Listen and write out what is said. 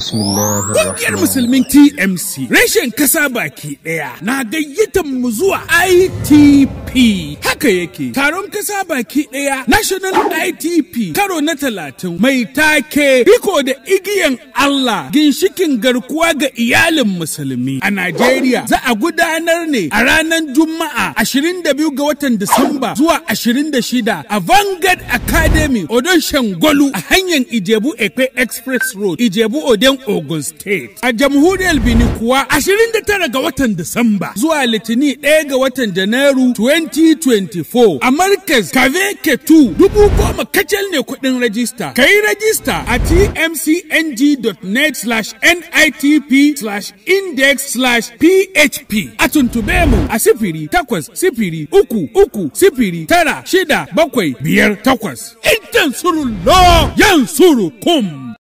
Kungiyar Musulmin TMC reshen kasa baki ɗaya na gayyatar mu zuwa ITP. haka yake taron kasa baki ɗaya National ITP karo na talatin mai take riko da igiyan Allah ginshikin garkuwa ga iyalin musulmi a Najeriya za a gudanar ne a ranar Juma'a 22 ga watan Disamba zuwa 26 a Vanguard Academy Odon Shangolu a hanyar Ijebu Ekpe Express Road Ijebu odon Ogun State a jamhuriyar Benin kuwa 29 ga watan Disamba zuwa Litini 1 ga watan Janairu 20 2024 a markaz kave ketu dubu goma kacal ne kuɗin rajista ka yi rajista a tmcng.net slash nitp slash index slash php a tuntube mu a sifiri takwas sifiri uku uku sifiri tara shida bakwai biyar takwas. Intan surullah yan suru kum.